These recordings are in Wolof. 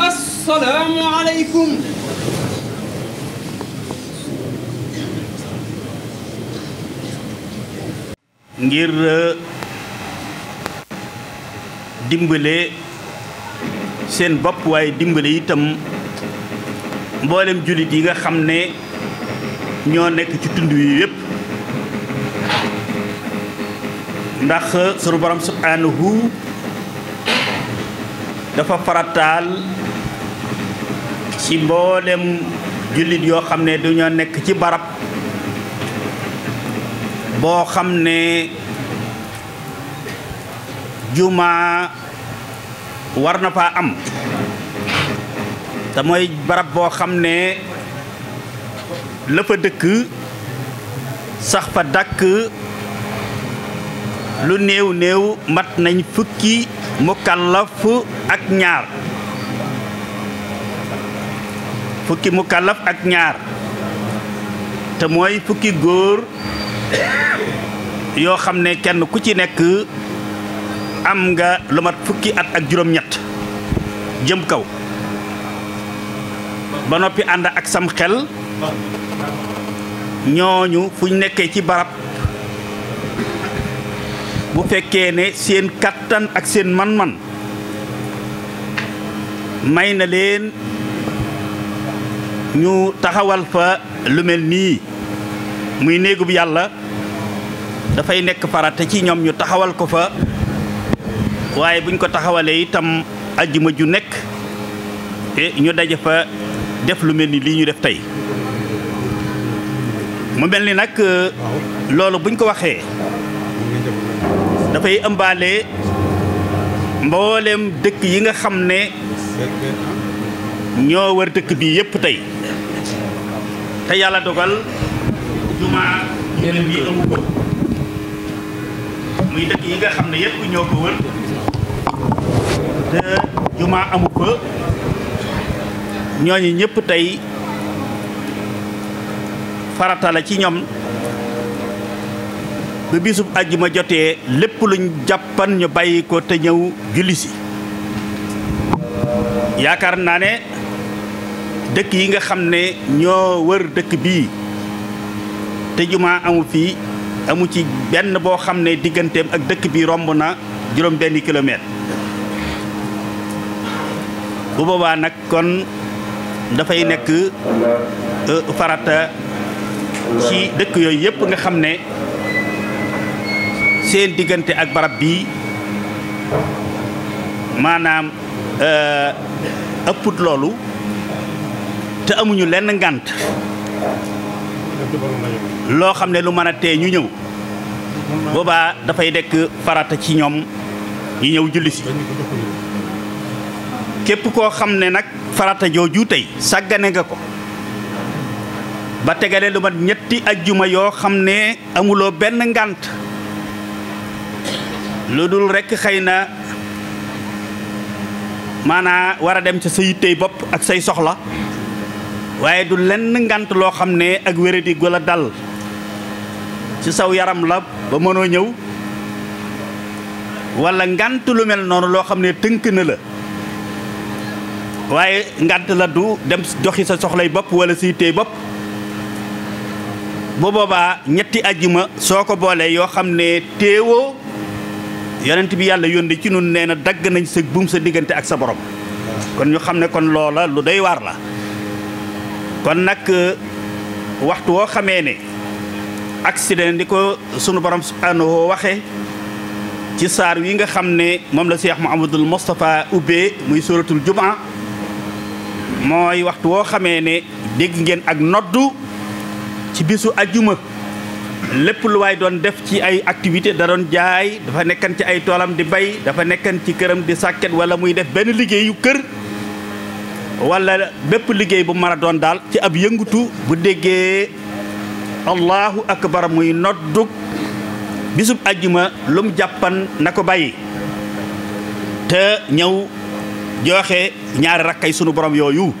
assalaamu ngir uh, dimbale seen bopp waaye dimbale itam mboolem jullit yi nga xam ne ñoo nekk ci tund wi yépp ndax uh, sunu borom subhanahu dafa farataal ci mboolem jullit yoo xam ne duñoo nekk ci barab boo xam ne juma war na faa am te barab boo xam ne la fa dëkk sax fa dàkk lu néew néew mat nañ fukki mukallaf ak ñaar fukki mukallaf ak ñaar te mooy fukki góor yoo xam ne kenn ku ci nekk am nga lu fukki at ak juróom-ñett jëm kaw ba noppi ànd ak sam xel ñooñu fu ñu nekkee ci barab bu fekkee ne seen kattan ak seen man-man may na leen ñu taxawal fa lu mel nii muy néegub yàlla dafay nekk farata ci ñoom ñu taxawal ko fa waaye buñ ko taxawalee itam ajjuma ju nekk te ñu daje fa def lu mel ni lii ñu def tey mu mel ni nag loolu buñ ko waxee dafay ëmbaale mboolem dëkk yi nga xam ne ñoo wër dëkk bi yépp tey te yàlla dogal jumaa jël muy dëkk yi nga xam ne yépp ñoo ko wër te jumaa amu ko ñooñu ñépp tey faratala ci ñoom bu bisub àjjuma jotee lépp luñ jàppan ñu bàyyi ko te ñëw julli si yaakaar naa ne dëkk yi nga xam ne ñoo wër dëkk bii te jumaa amu fii amu ci benn boo xam ne digganteem ak dëkk bi romb na juróom benn kilomètre bu boobaa nag kon dafay nekk euh, farata ci dëkk yooyu yëpp nga xam ne seen diggante ak barab bii maanaam euh, ëpput loolu te amuñu lenn ngànt loo xam ne lu mën a tee ñu ñëw boobaa dafay dekk farata ci ñoom ñu ñëw julli képp koo xam ne nag farata jooju tey sàggane nga ko ba tegale lu mat ñetti ajjuma yoo xam ne amuloo benn ngànt lu dul rekk xëy na maanaa war a dem ca sa yittey bopp ak say soxla waaye du lenn ngant loo xam ne ak wéradi gu la dal ci saw yaram la ba mënoo ñëw walla ngant lu mel noonu loo xam ne tënk na la waaye ngant la du dem joxi sa soxlay bopp walla sa yittey bopp bu boobaa ñetti ajjuma soo ko boolee yoo xam ne téewoo yonent bi yàlla yónni ci nun nee na dagg nañ sa buum sa diggante ak sa borom kon ñu xam ne kon loola lu doy waar la kon nag euh, waxtu woo xamee ne si accident di ko sunu borom subhanahu waxe ci saar wi nga xam ne moom la Cheikh Mouhamadul Moustapha ubbee muy suratul jumaa mooy waxtu woo xamee ne dégg ngeen ak noddu ci bisu ajjuma lépp lu waaye doon def ci ay activité da doon jaay dafa nekkan ci ay toolam di bay dafa nekkan ci këram di sàkket wala muy def benn liggéeyu kër wala bépp liggéey bu mën a doon daal ci ab yëngutu bu déggee allahu akbar muy noddug bisub ajjuma lum jàppan na ko bàyyi te ñëw joxe ñaari rakkay sunu borom yooyu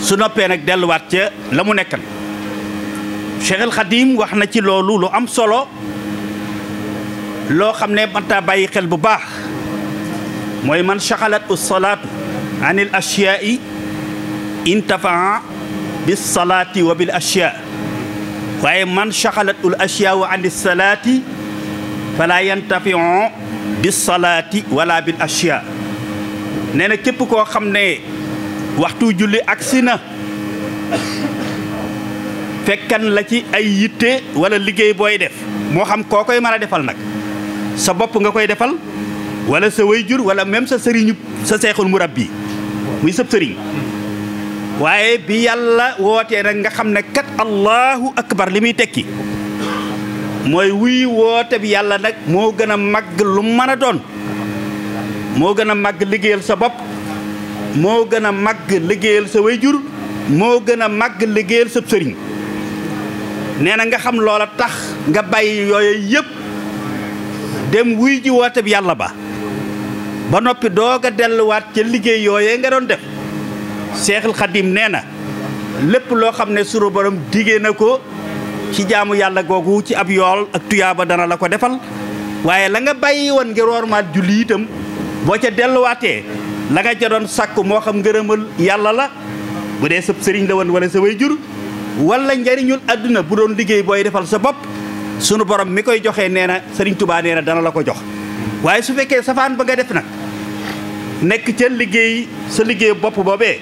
su noppee nag delluwaat ca la mu nekkan Cheikh El Khadim wax na ci loolu am solo loo xam ne manta bàyyi xel bu baax mooy man saxalat u salaatu an il ashiyaai intafaa bis salaati wa bil ashiya waaye man saxalat ul ashiyaau an il salaati fala yantafiu bis salaati wala bil ashiya nee na képp koo xam ne waxtu julli aksi na fekkan la ci ay yitte wala liggéey booy def moo xam koo koy mën a defal nag sa bopp nga koy defal wala sa jur wala même sa sëriñu sa seexul murabbi muy sëb sëriñ waaye bi yàlla wootee nag nga xam ne kat allahu akbar li muy tekki mooy wuy woote bi yàlla nag moo gën a màgg lu mën a doon moo gën a màgg liggéeyal sa bopp moo gën a màgg liggéeyal sa jur moo gën a màgg liggéeyal sëb sëriñ nee na nga xam loola tax nga bàyyi yooyu yëpp dem wuy ji woote bi yàlla ba ba noppi doog a delluwaat ca liggéey yooyee nga doon def seexul xadim nee na lépp loo xam ne suru borom diggee na ko ci jaamu yàlla googu ci ab yool ak tuyaaba dana la ko defal waaye la nga bàyyi woon ngir wormaat julli itam boo ca delluwaatee la nga ca doon sàkku moo xam ngërëmal yàlla la bu dee sëb sëriñ la woon wala sa jur wala njariñul àdduna bu doon liggéey booy defal sa bopp sunu borom mi koy joxee nee na sëriñ tubaa nee na dana la ko jox waaye su fekkee safaan ba nga def nag nekk ca liggéey sa liggéey bopp boobee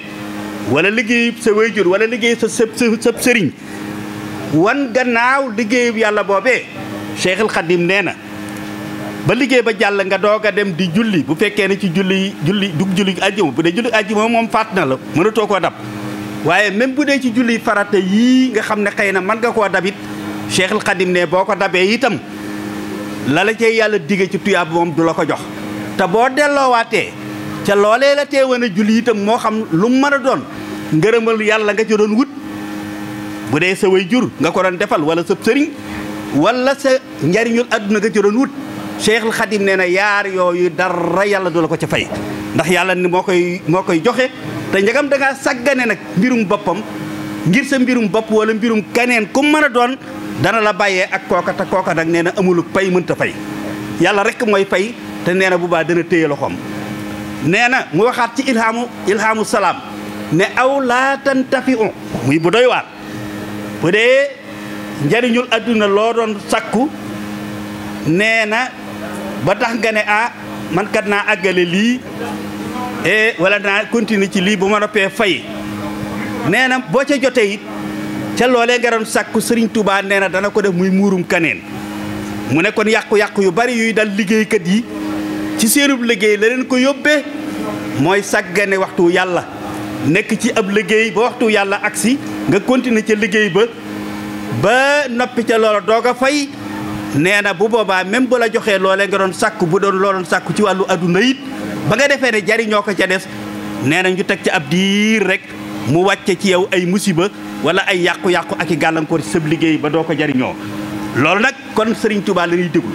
wala liggéey sa wayjur wala liggéey sa sëb sëriñ wan gannaaw liggéeyub yàlla boobee Cheikhul Khadim nee na ba liggéey ba jàll nga doog a dem di julli bu fekkee ne ci julli julli dug julli ajjuma bu dee julli ajjuma moom faat na la mënatoo koo dab waaye même bu dee ci julli farata yii nga xam ne xëy na man nga koo dabit Cheikhul Khadim ne boo ko dabee itam la la cay yàlla digge ci tuyaab moom du la ko jox te boo delloowaatee ca loolee la teewoon a julli itam moo xam lu mu mën a doon ngërëmal yàlla nga ci doon wut bu dee sa way jur nga ko doon defal wala sa sëriñ walla sa njariñul àdduna nga ci doon wut Cheikhul Khadim nee na yaar yooyu dara yàlla du la ko ca fay ndax yàlla ni moo koy moo koy joxe te njagam da ngaa sàggane nag mbirum boppam ngir sa mbirum bopp wala mbirum keneen ku mën a doon dana la bàyyee ak kooka te kooka nag nee na amulu pay mënta fay yàlla rek mooy fay te nee na bu baa dana téye loxoom nee na mu waxaat ci ilhaamu ilhaamu salaam ne aw laa tantafi on muy bu doy bu dee njariñul adduna loo doon sakku nee na ba tax nga ne ah man kat naa àggale lii e wala naa continuer ci lii bu ma noppee fay nee na boo ca jotee it ca loolee nga doon sàkku Sëriñ Tuubaa nee na dana ko def muy muurum kaneen mu ne kon yàqu-yàqu yu bari yuy dal liggéeykat yi ci seenub liggéey la leen ko yóbbee mooy sàggane waxtu yàlla nekk ci ab liggéey ba waxtu yàlla agsi nga continuer ca liggéey ba ba noppi ca loola doog a fay nee na bu boobaa même bu la joxee loolee nga doon sàkku bu doon looloon sàkku ci wàllu àdduna it ba nga defee ne jariñoo ko ca des nee na ñu teg ci ab diir rek mu wàcce ci yow ay musiba wala ay yàqu-yàqu ak i gàllankoor ci sab liggéey ba doo ko jariñoo loolu nag kon sëriñ tubaa la ñuy déglu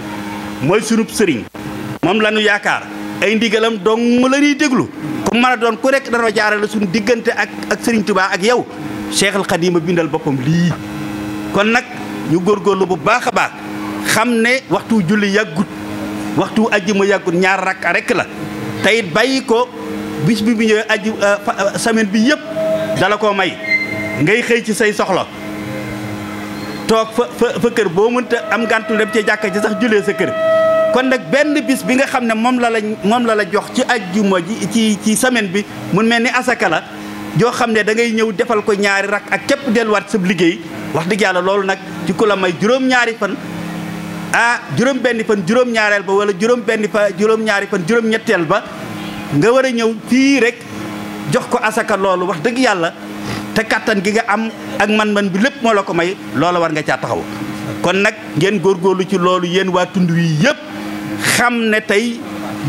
mooy sunub sëriñ moom lañu yaakaar ay ndigalam dong la ñuy déglu ku mën a doon ku rek danoo jaarale suñu diggante ak sëriñ tubaa ak yow Cheikh al ma bindal boppam lii kon nag ñu góor góorlu bu baax a baax xam ne waxtu julli yàggut waxtu ajjuma yàggut ñaar rakk la tey it bàyyi ko bis bi bi ñëwee aju euh, euh, semaine bi yëpp dala koo may ngay xëy ci say soxla toog fa fa kër boo mënta am gàntul dem ci jàkka ci sax julee sa kër kon nag benn bis bi nga xam ne moom la la moom la la jox ci ajjuma ji ci ci semaine bi mun mel ni asaka la joo xam ne da ñëw defal ko ñaari rak ak képp delluwaat sa liggéey wax dëgg yàlla loolu nag ci ku la may juróom-ñaari fan ah juróom benni fan juróom ñaareel ba wala juróom benni fa juróom ñaari fan juróom ñetteel ba nga war a ñëw fii rek jox ko asaka loolu wax dëgg yàlla te kàttan gi nga am ak man-man bi lépp moo la ko may loola war nga caa taxaw kon nag ngeen góorgóorlu ci loolu yéen waa tund wi yëpp xam ne tey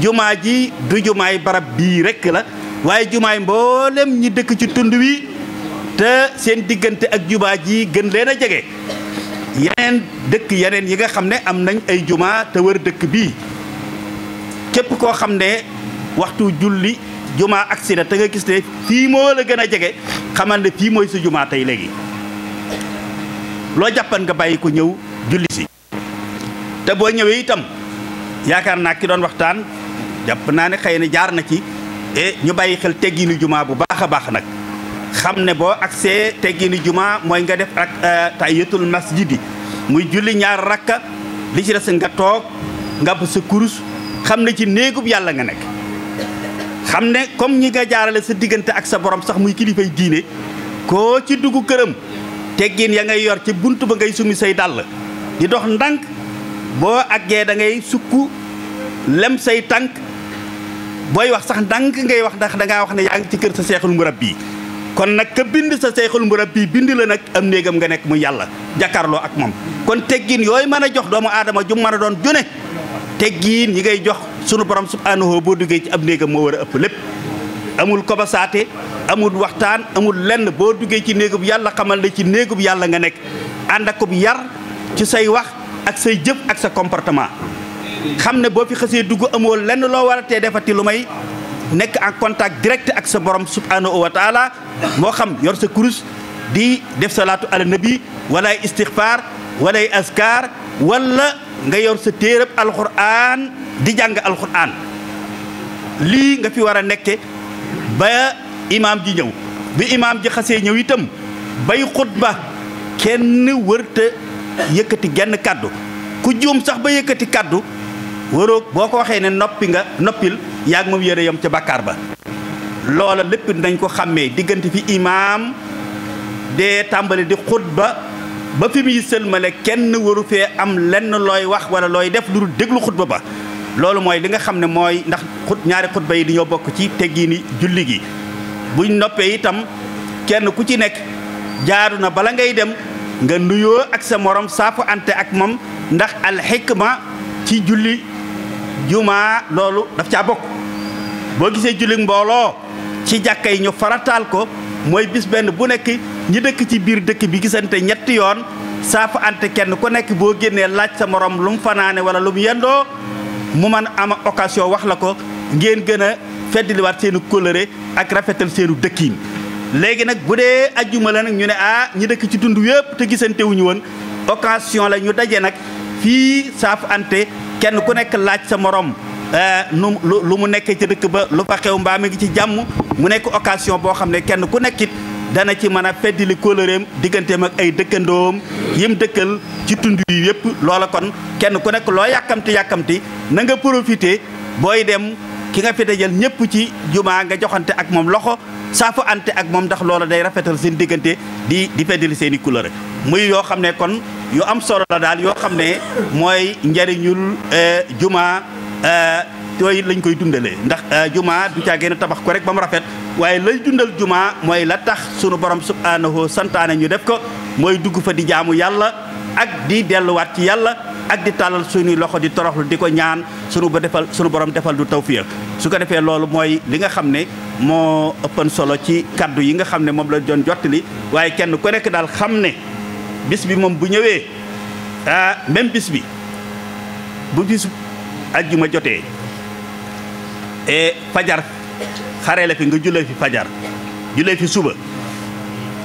jumaa ji du jumaay barab bii rek la waaye jumaay mboolem ñi dëkk ci tund wi te seen diggante ak jumaa ji gën leen a jege yeneen dëkk yeneen yi nga xam ne am nañ ay jumaa te wër dëkk bii képp koo xam ne waxtu julli jumaa agsi na te nga gis ne fii moo la gën a jege xamal ne fii mooy sa jumaa tey léegi loo jàppan nga bàyyi ko ñëw julli si te boo ñëwee itam yaakaar naa ki doon waxtaan jàpp naa ne xëy na jaar na ci eh, ñu bàyyi xel tegginu jumaa bu baax a baax nag xam ne boo agsee teggini juma mooy nga def ak euh, tahiyatul masjidi muy julli ñaar rakka li ci des nga toog nga ba sa kurus xam ne ci néegub yàlla nga nekk xam ne comme ñi nga jaarale sa diggante ak sa borom sax muy kilifay diine koo ci dugg këram teggin ya ngay yor ci bunt ba ngay sumi say dàll di dox ndànk boo àggee da ngay sukk lem say tànk booy wax sax ndànk ngay wax ndax dangaa wax ne yaa ngi ci kër sa seexul murabbi kon nag ka bind sa seexul murabbi bind la nag am néegam nga nekk mu yàlla jàkkaarloo ak moom kon teggin yooyu mën a jox doomu aadama ju mën a doon june teggiin yi ngay jox sunu borom subhanahu boo duggee ci ab néegam moo war a ëpp lépp amul kobasaate amul waxtaan amul lenn boo duggee ci néegub yàlla xamal na ci néegub yàlla nga nekk ànd ak ko bu yar ci say wax ak say jëf ak sa comportement xam ne boo fi xësee dugg amoo lenn loo war a tee defati lu may nekk en contact direct ak sa borom subhanahu wa taala moo xam yor sa kurus di def salaatu ala nabi walaay istixfaar walaay askar wala nga yor sa téerab alquran di jàng alquran lii nga fi war a nekke ba imaam ji ñëw bi imaam ji xasee ñëw itam bay ba kenn wërta yëkkati genn kàddu ku juum sax ba yëkkati kàddu waroo boo ko waxee ne noppi nga noppil yaag moom yére yam ca bàkkaar ba loola lépp nañ ko xàmmee diggante fi imaam dee tàmbali di xutba ba fi muy sëlmale kenn waru fee am lenn looy wax wala looy def lu dul déglu xutba ba loolu mooy li nga xam ne mooy ndax xut ñaari xutba yi dañoo bokk ci teggiini julli gi buñ noppee itam kenn ku ci nekk jaaru na bala ngay dem nga nuyoo ak sa morom saafu ante ak moom ndax alxikma ci julli jumaa loolu daf caa bokk boo gisee jullit mbooloo ci jàkka yi ñu farataal ko mooy bis benn bu nekk ñi dëkk ci biir dëkk bi gisante ñetti yoon saafa ante kenn ku nekk boo génnee laaj sa moroom lum fanaane wala lu mu yendoo mu mën am occasion wax la ko ngeen gën a feddliwaat seenu kóllëre ak rafetal seenu dëkkiin léegi nag bu dee ajjuma la nag ñu ne ah ñi dëkk ci dund yëpp te gisantewuñu woon occasion la ñu daje nag fii saafa ante kenn ku nekk laaj sa morom eh, nu lu mu nekkee ci dëkk ba lu fa xew mbaa mi ngi ci jàmm mu nekk occasion boo xam ne kenn ku nekkit dana ci mën a feddili kóolóoreem digganteem ak ay dëkkandoom yim dëkkal ci tund yi yépp loola kon kenn ku nekk loo yàkkamti yàkkamti na nga profité booy dem ki nga fi dajal ñépp ci jumaa nga joxante ak moom loxo saafu ante ak moom ndax loola day rafetal seen diggante di di feddali seen i couleur muy yoo xam ne kon yu am solo la daal yoo xam ne mooy njariñul euh, juma euh, yooyu lañ koy dundalee ndax euh, jumaa du caa gën tabax ko rek ba rafet waaye lay dundal jumaa mooy la tax sunu borom subhanahu santaane ñu def ko mooy dugg fa di jaamu yàlla ak di delluwaat ci yàlla ak di tàllal suñuy loxo di toroxlu di ko ñaan suñu ba defal suñu borom defal du tawfiq su ko defee loolu mooy li nga xam ne moo ëppan solo ci kaddu yi nga xam ne moom la jot li waaye kenn ku nekk daal xam ne bis bi moom bu ñëwee ah même bis bi bu bis ajjuma jotee e fajar xaree la fi nga jullee fi fajar jullee fi suba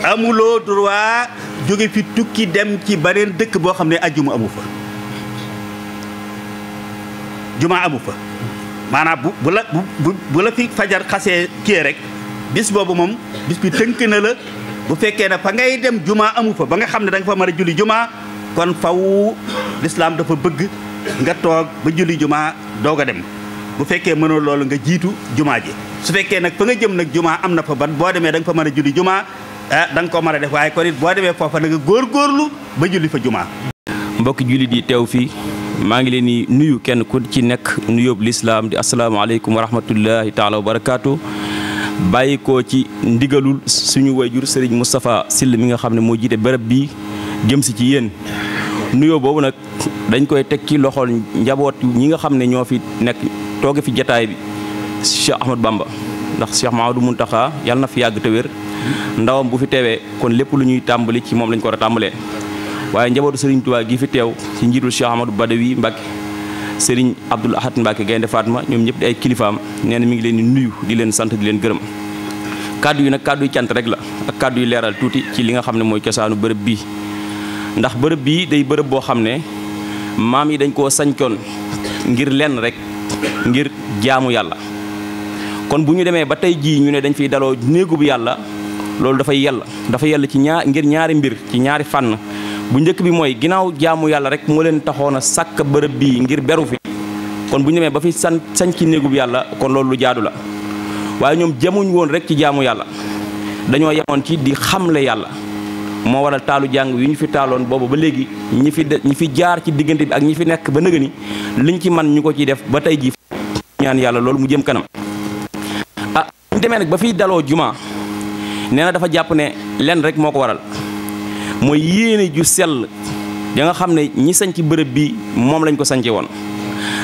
amuloo droit jóge fi tukki dem ci beneen dëkk boo xam ne ajjuma amu fa jumaa amu fa maanaam bu bu la fi fajar xasee kii rek bis boobu moom bis bi tënk na la bu fekkee ne fa ngay dem jumaa amu fa ba nga xam ne da nga fa mën a julli jumaa kon faw lislaam dafa bëgg nga toog ba julli jumaa doog a dem bu fekkee mënoo loolu nga jiitu jumaa ji su fekkee nag fa nga jëm nag jumaa am na fa ban boo demee da nga mën a julli jumaa ah da ko mën a def waaye kon it boo demee foofa a nga góorlu ba julli fa jumaa mbokki jullit yi teew fii maa ngi leen di nuyu kenn ku ci nekk nuyóob lislaam di asalaamaaleykum wa rahmatullahi taala wa barakaatu bàyyikoo ci ndigalul suñu jur sëriñ Moustapha Sill mi nga xam ne moo jiite bërëb bi jëm si ci yéen nuyoo boobu nag dañ koy teg ci loxol njaboot ñi nga xam ne ñoo fi nekk tooge fi jataay bi Cheikh Ahmad Bamba ndax Cheikh Mahamadou Muntaxa yàlla na fi yàgg te wér ndawam bu fi teewee kon lépp lu ñuy tàmbali ci moom lañu ko war a tàmbalee waaye njabootu Serigne Touba gi fi teew ci njiitul Cheikh Amadou Badawi Mbacke Serigne Abdoul Ahad Mbacke Gaynde Fatma ñoom ñëpp di ay kilifaam nee mi ngi leen di nuyu di leen sant di leen gërëm kàddu yi nag kàddu cant rek la ak kàddu yi leeral tuuti ci li nga xam ne mooy cosaanu bërëb bii ndax bërëb bii day bërëb boo xam ne maam yi dañ koo sañcoon ngir lenn rek ngir jaamu yàlla kon bu ñu demee ba tey jii ñu ne dañ fiy daloo néegu bu yàlla loolu dafay yàlla dafa yàlla ci ñaar ngir ñaari mbir ci ñaari fànn bu njëkk bi mooy ginnaaw jaamu yàlla rek moo leen taxoon a sàkk bërëb bii ngir beru fi kon bu ñu demee ba fi san sañ ci néegub yàlla kon loolu lu jaadu la waaye ñoom jamuñ woon rek ci jaamu yàlla dañoo yemoon ci di xamle yàlla moo waral taalu jàng wi ñu fi taaloon boobu ba léegi ñi fi ñi fi jaar ci diggante bi ak ñi fi nekk ba nëgëni liñ ci man ñu ko ciy def ba tey jii yàlla loolu mu jëm kanam ah, demee nag ba fiy daloo juma nee na dafa jàpp ne lenn rek moo ko waral mooy yéene ju sell ya nga xam ne ñi ci bërëb bi moom lañ ko sanc woon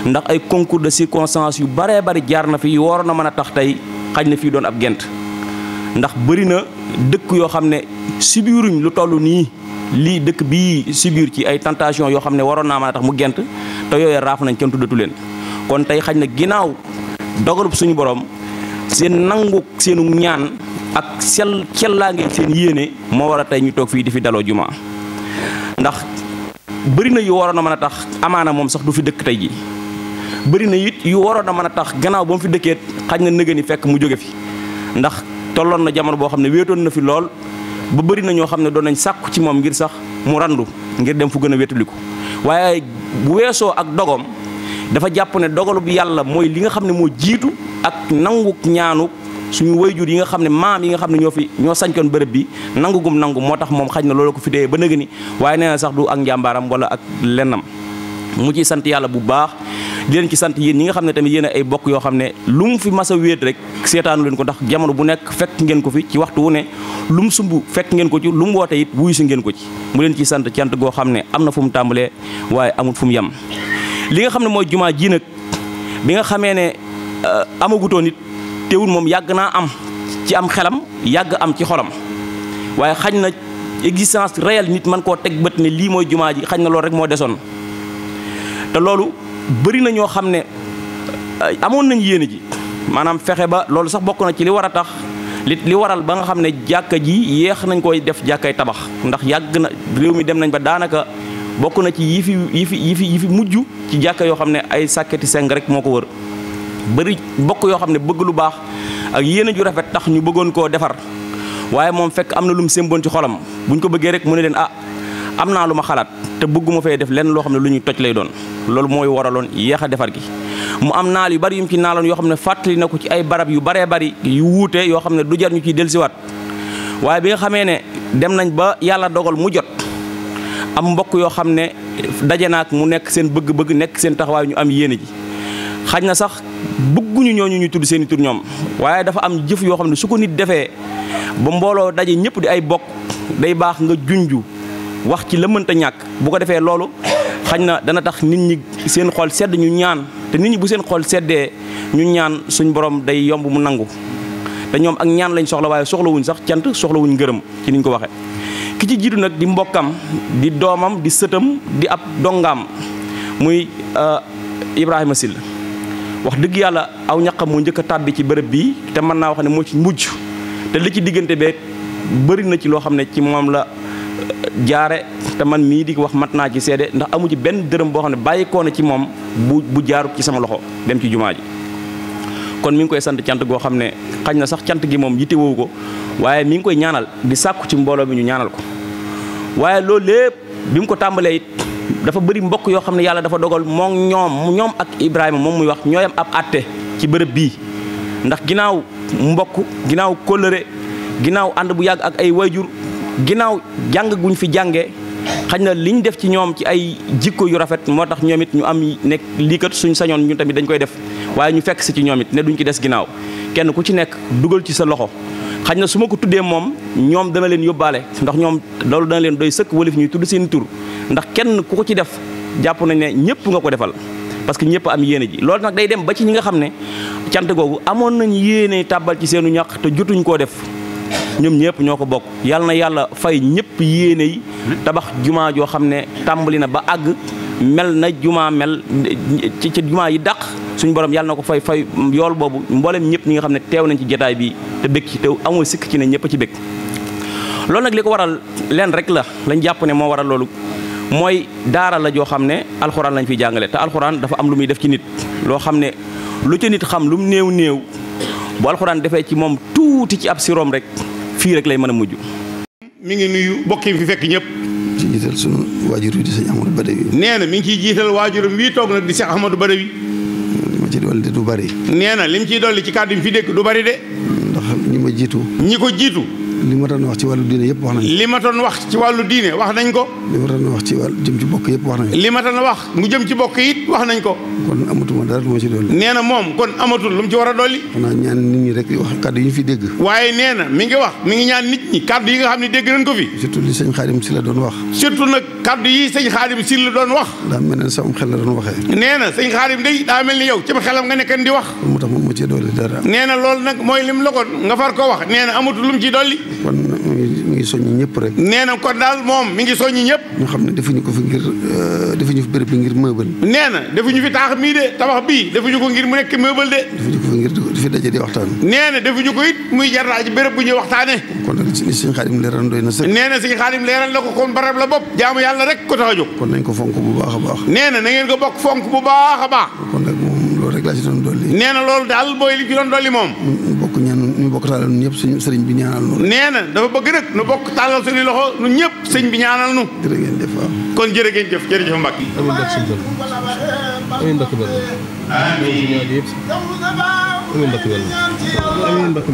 ndax ay concours de circonstances yu baree bari jaar na fi yu waroon na mën a tax tey xaj na fii doon ab gent ndax bëri na dëkk yoo xam ne subiruñ lu toll nii lii dëkk bii subir ci ay tentation yoo xam ne waroon naa mën a tax mu gent te yooyu raaf nañ kenn tuddatu leen kon tey xaj na ginnaaw dogalub suñu borom seen nangu seenu ñaan ak sel cellaange seen yéene moo war a tey ñu toog fii di fi daloo juma ndax bëri na yu waroon a mën a tax amaana moom sax du fi dëkk tey ji bëri na it yu waroon a mën a tax gannaaw ba mu fi dëkkeet xaj na nëgë ni fekk mu jóge fi ndax tolloon na jamono boo xam ne wéetoon na fi lool ba bëri na ñoo xam ne doon nañ sàkku ci moom ngir sax mu randu ngir dem fu gën a wéetaliku waaye bu weesoo ak dogom dafa jàpp ne dogalu bu yàlla mooy li nga xam ne moo jiitu ak nangu ñaanu suñu wayjur yi nga xam ne maam yi nga xam ne ñoo fi ñoo sañcoon bërëb bi nangu gum nangu moo tax moom xaj na loolu ko fi dee ba nëgë ni waaye nee na sax du ak njàmbaaram wala ak lennam mu ciy sant yàlla bu baax di ci sant yéen ñi nga xam ne tamit yéen ay yoo xam ne lu mu fi mas a wéet rek seetaanu leen ko ndax jamono bu nekk fekk ngeen ko fi ci waxtu wu ne lu mu sumb fekk ngeen ko ci lu mu woote it wuyu si ngeen ko ci mu leen ciy sant cant goo xam ne am na fu mu tàmbalee waaye amul fu mu yem li nga xam ne mooy jumaa jii nag bi nga xamee ne euh, amagutoo nit teewul moom yàgg naa am ci am xelam yàgg am ci xolam waaye xañ na existence réelle nit man koo teg bët ne lii mooy jumaa ji xañ na loolu rek moo desoon te loolu bëri na ñoo xam ne euh, amoon nañ yéene ji maanaam fexe ba loolu sax bokk na ci li war a tax li li waral ba nga xam ne jàkka ji yéex nañ koy def jàkkay tabax ndax yàgg na réew mi dem nañ ba daanaka bokk na ci yi fi yi fi mujj ci jàkka yoo xam ne ay sàkketi seng rek moo ko wër bari bokk yoo xam ne bëgg lu baax ak yéene ju rafet tax ñu bëggoon koo defar waaye moom fekk am na lu mu sémboon ci xolam buñ ko bëggee rek mu ne leen ah am naa lu ma xalaat te bëgguma fay def lenn loo xam ne lu ñuy toj lay doon loolu mooy waraloon yéex a defar gi mu am naal yu bari yu mu ci naaloon yoo xam ne fàttali na ko ci ay barab yu baree bari yu wuute yoo xam ne du jar ñu ciy dellusiwaat waaye bi nga xamee ne dem nañ ba yàlla dogal mu jot am mbokk yoo xam ne daje naak mu nekk seen bëgg-bëgg nekk seen taxawaay ñu am yéene ji xaj na sax bëgguñu ñooñu ñu tudd seen i tur ñoom waaye dafa am jëf yoo xam ne su ko nit defee ba mbooloo daje ñëpp di ay bokk day baax nga junju wax ci la ñàkk bu ko defee loolu xañ na dana tax nit ñi seen xol sedd ñu ñaan te nit ñi bu seen xol seddee ñu ñaan suñ borom day yomb mu nangu te ñoom ak ñaan lañ soxla waaye soxlawuñ sax cant soxlawuñ ngërëm ci niñ ko waxee. ki ci jiitu nag di mbokkam di doomam di sëtam di ab dongaam muy euh, Ibrahima Syll wax dëgg yàlla aw ñaqam mu njëkk a tàbbi ci bërëb bii te mën naa wax ne moo ci mujj te li ci diggante bee bëri na ci loo xam ne ci moom la euh, jaare te man mii di wax mat naa ci seede ndax amu ci benn dërëm boo xam ne bàyyi koo na ci moom bu bu jaarut ci sama loxo dem ci jumaa ji kon mi ngi koy sant cant goo xam ne xañ na sax cant gi moom yittewowu ko waaye mi ngi koy ñaanal di sàkku ci mbooloo mi ñu ñaanal ko waaye loolu lépp bi mu ko tàmbalee it dafa bëri mbokk yoo xam ne yàlla dafa dogal moom ñoom ñoom ak Ibrahima moom muy wax ñooyam ab àtte ci bërëb bii ndax ginnaaw mbokk ginnaaw kóllëre ginnaaw ànd bu yàgg ak ay wayjur ginnaaw jàng guñ fi jànge xañ na liñ def ci ñoom ci ay jikko yu rafet moo tax ñoom it ñu am nekk lii kat suñ sañoon ñu tamit dañ koy def waaye ñu fekk si ci ñoom it ne duñ ci des ginnaaw kenn ku ci nekk dugal ci sa loxo xaj na su ma ko tuddee moom ñoom dana leen yóbbaale ndax ñoom loolu dana leen doy sëkk walif ñuy tudd seen tur ndax kenn ku ko ci def jàpp nañ ne ñëpp nga ko defal parce que ñëpp am yéene ji loolu nag day dem ba ci ñi nga xam ne cant googu amoon nañ yéene tàbbal ci seenu ñàq te jotuñ koo def ñoom ñëpp ñoo ko bokk yàlla na yàlla fay ñëpp yéene yi tabax jumaa joo xam ne tàmbali na ba àgg mel na jumaa mel ci ci jumaa yi daq suñu borom yàlla na ko fay fay yool boobu mboolem ñëpp ñi nga xam ne teew nañ ci jataay bi te bëgg ci te amoo sikk ci ne ñëpp ci bëgg loolu nag li ko waral leen rek la lañ jàpp ne moo waral loolu mooy daara la joo xam ne alxuraan lañ fiy jàngale te alxuraan dafa am lu muy def ci nit loo xam ne lu ci nit xam lu mu néew néew bu alxuraan defee ci moom tuuti ci ab siroom rek fii rek lay mën a mujj mi ngi nuyu bokki fi ñëpp ci jiital sunu waajur wi di sëñ nee na mi ngi ciy jiital waajuram wii toog nag di sëñ Ahmadou Badawi. li ma ci dolli du bari. nee na li mu ciy dolli ci kàddu yi fi dëkk du bari de. ndax ñi ma jiitu. ñi ko jiitu. li ma doon wax ci wàllu diine yëpp wax nañ li ma doon wax ci wàllu diine wax nañ ko li ma doon wax ci wàllu jëm ci bokk yëpp wax nañ li ma wax mu jëm ci bokk it wax nañ ko kon amatuma dara lu ma ci dolli nee na moom kon amatul lu mu ci war a dolli xanaa rek wax ñu fi dégg waaye nee na mi ngi wax mi ngi ñaan nit ñi yi nga xam ne dégg nañ ko fi surtout li sëñ Xaadim doon wax surtout nag kàddu yi sëñ doon wax daa mel ne sama xel la waxee nee na sëñ Xaadim day di wax moo tax moom ma ci dolli dara nee na loolu nag mooy lim la ko nga far ko wax nee na amatul lu mu ci dolli kon mi ngi soññi ñëpp rek. nee na kon daal moom mi ngi soññi ñëpp. ñu xam ne ñu ko fi ngir euh, defuñu fi béréb bi ngir meubal. nee na defuñu fi taax mii de tabax bii defuñu ko ngir mu nekk meubal de. defuñu ko fi ngir di fi daje de waxtaan. nee na defuñu ko it muy jarlaa ci béréb bu ñuy waxtaanee. kon nag si si xaalim leeral doy na sëkk. nee na si xaalim leeral la ko kon barab la bopp. jaamu yàlla rek ko tax a jóg. kon nañ ko fonk bu baax a baax. nee na na ngeen ko bokk fonk bu baax a baax. kon nag moom loolu rek laa bokk tàllal nu ñëpp suñu sëriñ bi ñaanal nu. nee na dafa bëgg nag nu bokk tàllal suñu loxo nu ñëpp sëñ bi ñaanal nu. jërë ngeen jëf waaw. kon jërë ngeen jëf jërëjëf